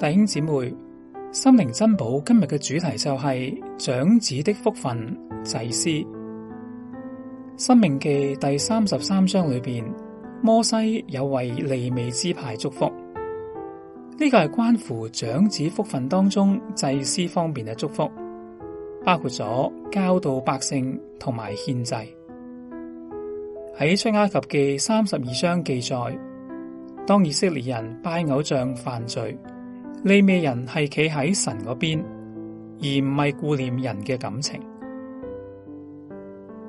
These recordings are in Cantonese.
弟兄姊妹，心靈珍寶今日嘅主題就係「長子的福分：祭司」。《申命記》第三十三章裏邊，摩西有為利未支派祝福。呢個係關乎長子福分當中祭司方面嘅祝福，包括咗教導百姓同埋獻祭。喺《出埃及記》三十二章記載，當以色列人拜偶像犯罪。利未人係企喺神嗰邊，而唔係顧念人嘅感情。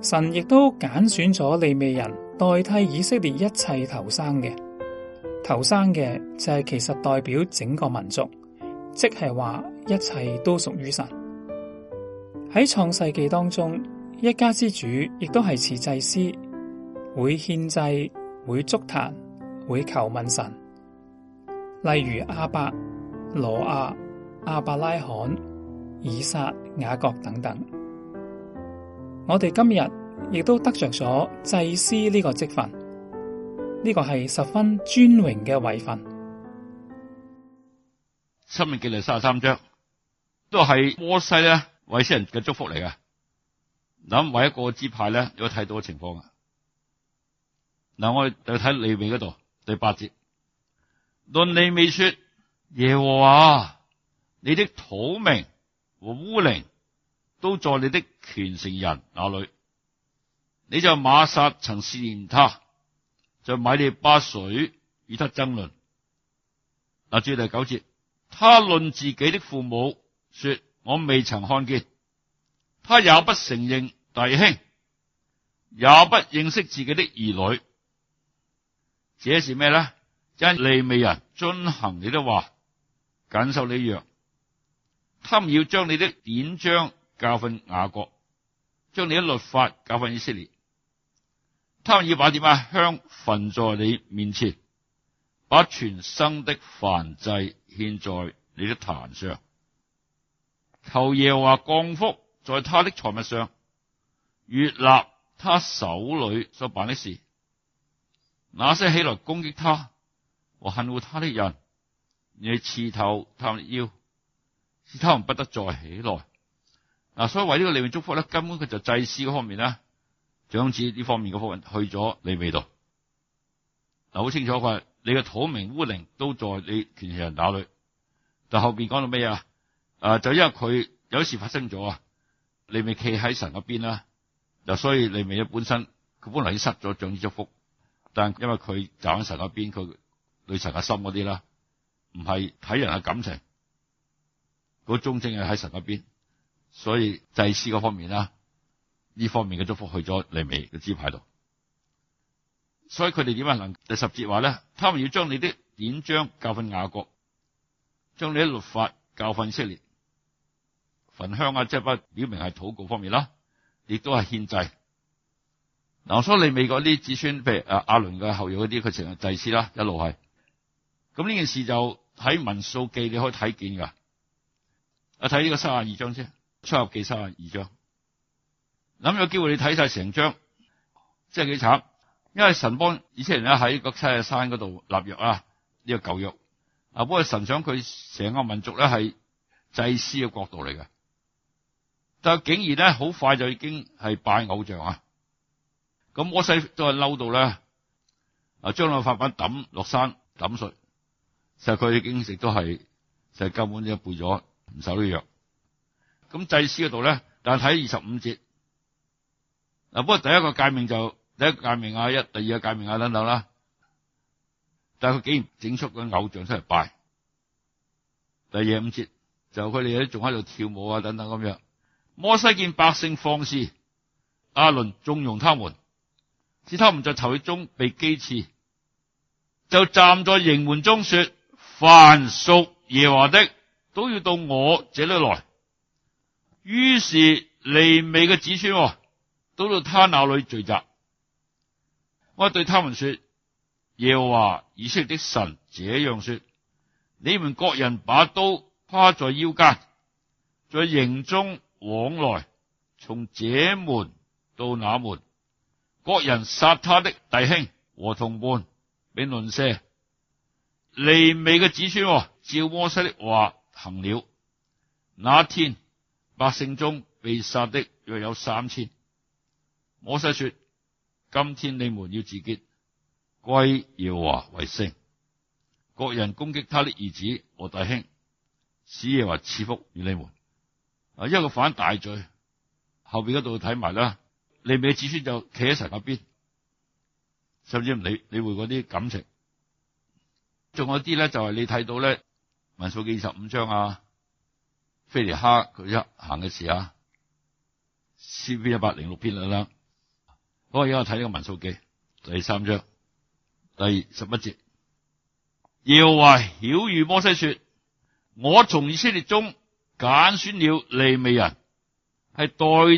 神亦都揀選咗利未人代替以色列一切頭生嘅，頭生嘅就係其實代表整個民族，即係話一切都屬於神。喺創世記當中，一家之主亦都係似祭司，會獻祭，會築壇，會求問神，例如阿伯。羅亞、亞伯拉罕、以撒、雅各等等，我哋今日亦都得着咗祭司呢個職份，呢個係十分尊榮嘅位份。申命記三十三章，都係摩西咧為先人嘅祝福嚟嘅。諗為一個支派咧有看到多情況啊。嗱，我哋再睇裏邊嗰度第八節，論利未說。耶和華、啊，你的土明和烏陵都在你的虔誠人那裏、啊。你在馬撒曾試驗他，在米利巴水與他爭論。嗱、啊，最第九節，他論自己的父母說：我未曾看見，他也不承認弟兄，也不認識自己的兒女。這是咩咧？因利未人遵行你的話。謹守你的約，他們要將你的典章教訓雅各，將你的律法教訓以色列。他們要把點啊香焚在你面前，把全牲的燔祭獻在你的壇上。求耶和華降福在他的財物上，悅納他手裏所辦的事。那些起來攻擊他和恨惡他的人。你刺透他們腰，使他們不得再起來。嗱、啊，所以為呢個利未祝福咧，根本佢就是祭司嗰方面啦，長子呢方面嘅福運去咗利未度。嗱、啊，好清楚佢話你嘅土明烏陵都在你虔誠人那裡。但後邊講到咩啊？誒，就因為佢有事發生咗啊，利未企喺神嗰邊啦，嗱，所以利未一本身佢本嚟已經失咗長子祝福，但因為佢就喺神嗰邊，佢對神嘅心嗰啲啦。唔係睇人嘅感情，嗰忠貞係喺神嗰邊，所以祭司嗰方面啦，呢方面嘅祝福去咗利未嘅支派度，所以佢哋點樣能？第十節話咧，他們要將你啲典章教訓雅各，將你啲律法教訓以色列，焚香啊，即係不表明係禱告方面啦，亦都係獻祭。嗱，所以利未嗰啲子孫，譬如阿阿倫嘅後裔嗰啲，佢成日祭司啦，一路係。咁呢件事就喺《民數記》你可以睇見噶，啊，睇呢個卅二章先，《出埃及》卅二章。諗有機會你睇晒成章，即係幾慘，因為神幫以色列人咧喺個西奈山嗰度立約啊，呢、這個舊約。啊，不過神想佢成個民族咧係祭司嘅角度嚟嘅，但係竟然咧好快就已經係拜偶像啊，咁摩西都係嬲到咧，啊將個法版抌落山抌碎。其實佢嘅進食都係，就根本就背咗唔守啲約。咁祭司嗰度咧，但係睇二十五節，嗱，不過第一個誡命就第一個誡命啊，一第二個誡命啊等等啦。但係佢竟然整出個偶像出嚟拜。第二五節就佢哋仲喺度跳舞啊等等咁樣。摩西見百姓放肆，亞倫縱容他們，使他們在仇敵中間被譏刺，就站在營門中說。凡屬耶和華的，都要到我這裏來。於是利未嘅子孫都到他那裏聚集。我對他們說：耶和華以色列的神這樣說：你們各人把刀跨在腰間，在營中往來，從這門到那門，各人殺他的弟兄和同伴，並鄰舍。利未嘅子孫，照摩西的話行了。那天百姓中被殺的約有三千。摩西說：今天你們要自潔，歸耶和華為聖。各人攻擊他的兒子，和弟兄，使耶和華賜福與你們。啊，因為犯大罪。後邊嗰度睇埋啦，利未子孫就企喺神嗰邊，甚至唔理理會嗰啲感情。仲有啲咧，就係你睇到咧《民數記》二十五章啊，腓尼哈佢一行嘅事啊，《詩篇》一百零六篇啦。不過而家睇呢個《民數記》第三章第十一節，要話，曉諭摩西說：我從以色列中揀選了利未人，係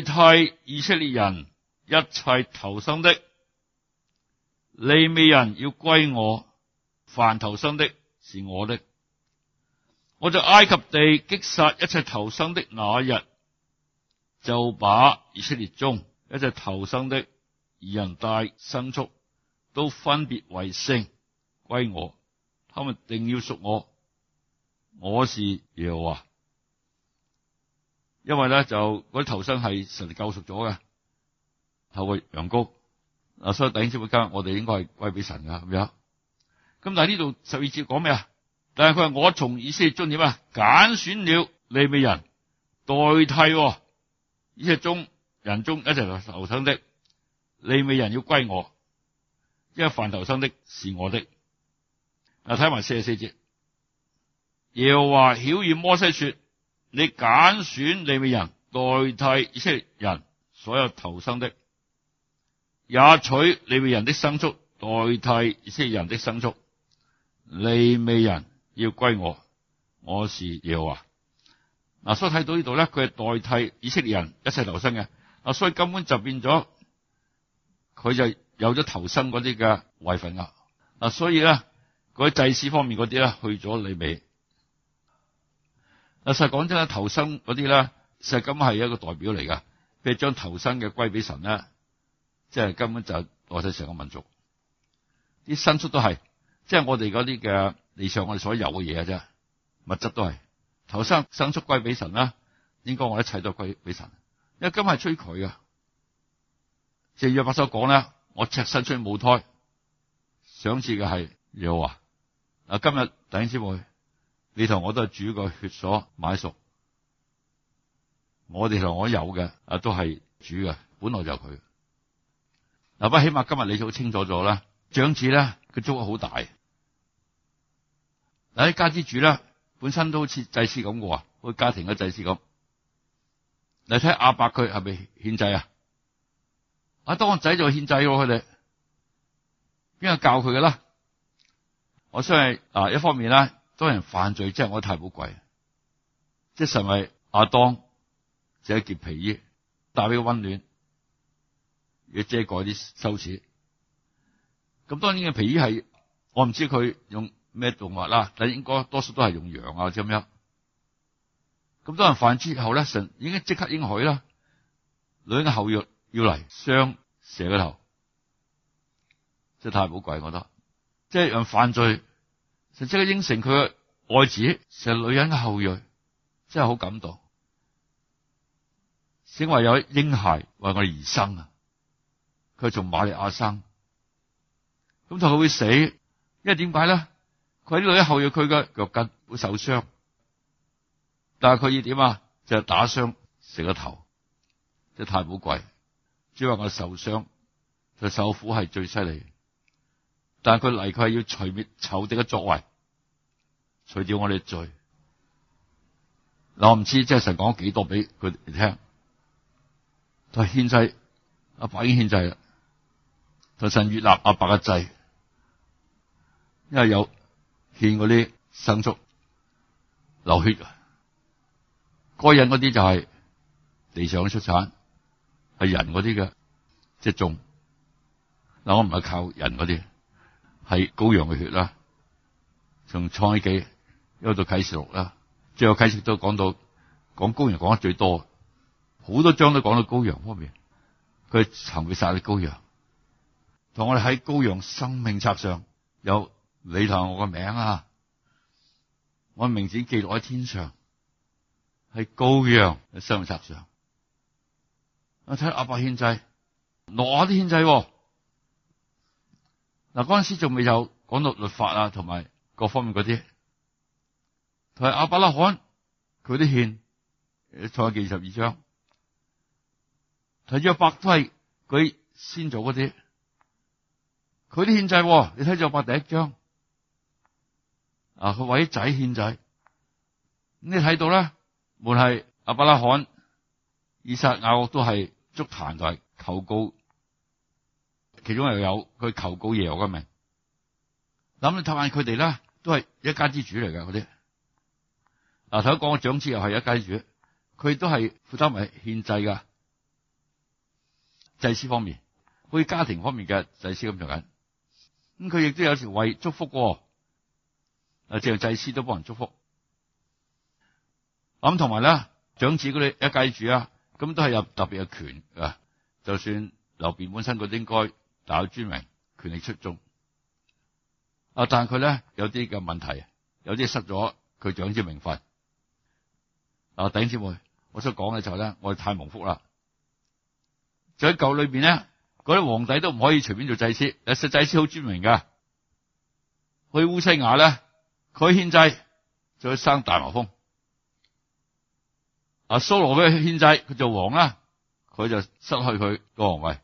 代替以色列人一切投生的，利未人要歸我。凡頭生的是我的，我在埃及地擊殺一切頭生的那一日，就把以色列中一切頭生的連人帶牲畜都分別為聖歸我，他們定要屬我。我是耶和華。因為咧，就啲頭生係神嚟，救贖咗嘅，係個羊羔，啊，所以等二次會今我哋應該係歸俾神噶咁樣。是不是咁但係呢度十二節講咩啊？但係佢話我從以色列中點啊揀選了利未人代替，哦、以色列人中一切頭生的，利未人要歸我，因為凡頭生的是我的。睇埋四十四節，耶和華曉諭摩西說：你揀選利未人代替以色列人所有頭生的，也取利未人的牲畜代替以色列人的牲畜。利未人要歸我，我是耶和華啊。嗱，所以睇到呢度咧，佢係代替以色列人一切投生嘅。嗱，所以根本就變咗，佢就有咗投生嗰啲嘅位份啊。嗱，所以咧，嗰祭司方面嗰啲咧，去咗利未。嗱，實講真咧，投生嗰啲咧，實咁係一個代表嚟嘅，佢將投生嘅歸俾神咧，即係根本就代替成個民族，啲牲畜都係。即係我哋嗰啲嘅，理想我哋所有嘅嘢啊，啫，物質都係頭生生出歸俾神啦，應該我一切都歸俾神，因為今日係追佢啊。正如約伯所講咧，我赤身出母胎，長子嘅係有話，啊今日弟兄姊妹，你同我都係主個血所買贖，我哋同我有嘅啊都係主嘅，本來就係佢。嗱，不起碼今日你好清楚咗啦，長子咧。佢做嘅好大，嗱，一家之主咧，本身都好似祭司咁嘅喎，好似家庭嘅祭司咁。你睇阿伯佢係咪獻祭啊？阿當仔就獻祭咯，佢哋邊個教佢嘅啦？我相信啊，一方面咧，當人犯罪真的太貴，即係我太寶貴，即係神係阿當就一件皮衣帶俾佢溫暖，要遮蓋啲羞恥。咁當然嘅皮衣係，我唔知佢用咩動物啦，但應該多數都係用羊啊，咁樣。咁多人犯之後咧，神已經即刻應許啦，女人嘅後裔要嚟，傷蛇個頭，即係太寶貴，我覺得即係讓犯罪，神即刻應承佢嘅愛子，成女人嘅後裔，真係好感動，先為有一嬰孩為我哋而生啊！佢從馬利亞生。咁就佢會死，因為點解咧？佢喺呢度女人後裔佢嘅腳筋會受傷，但係佢要點啊？就係、打傷成個頭，即係太寶貴。主要我受傷，佢受苦係最犀利。但係佢嚟佢係要除滅仇敵嘅作為，除掉我哋罪。我唔知即係神講幾多俾佢哋聽，就獻祭亞伯已經獻祭啦，就神悅納亞伯嘅祭。因為有獻嗰啲牲畜流血，該隱嗰啲就係地上嘅出產，係人嗰啲嘅即係種。嗱我唔係靠人嗰啲，係羔羊嘅血啦。從創世記一路到啟示錄啦，最後啟示都講到講羔羊講得最多，好多章都講到羔羊方面，佢行去殺啲羔羊。同我哋喺羔羊生命冊上有。你同我個名字啊！我的名字記錄喺天上，係羔羊嘅生命冊上。我睇阿伯獻祭，羅馬啲獻祭嗱、啊，嗰陣時仲未有講到律法啊，同埋各方面嗰啲。睇阿伯拉罕佢啲獻，創記二十二章。睇約伯都係佢先做嗰啲，佢啲獻祭、啊，你睇約伯第一章。啊！佢為仔獻祭，你睇到咧，無論阿伯拉罕、以撒亞都祝、亞伯都係祝壇同埋求告，其中又有佢求告耶和華名。諗你睇下佢哋咧，都係一家之主嚟嘅嗰啲。嗱，頭先講個長子又係一家之主，佢都係負責埋獻祭噶祭司方面，好似家庭方面嘅祭司咁做緊。咁佢亦都有時為祝福過。啊！即係祭司都幫人祝福，咁同埋咧長子佢哋一繼住，啊，咁都係有特別嘅權啊。就算流便本身佢應該大有尊榮，權力出眾，啊，但係佢咧有啲嘅問題，有啲失咗佢長子名分。啊，弟兄姊妹，我想講嘅就係咧，我哋太蒙福啦。就喺舊裏邊咧，嗰啲皇帝都唔可以隨便做祭司，但係祭司好尊榮噶，去烏西雅咧。佢獻祭，就會生大麻風。阿掃羅佢獻祭，佢做王啦，佢就、啊、就失去佢個王位。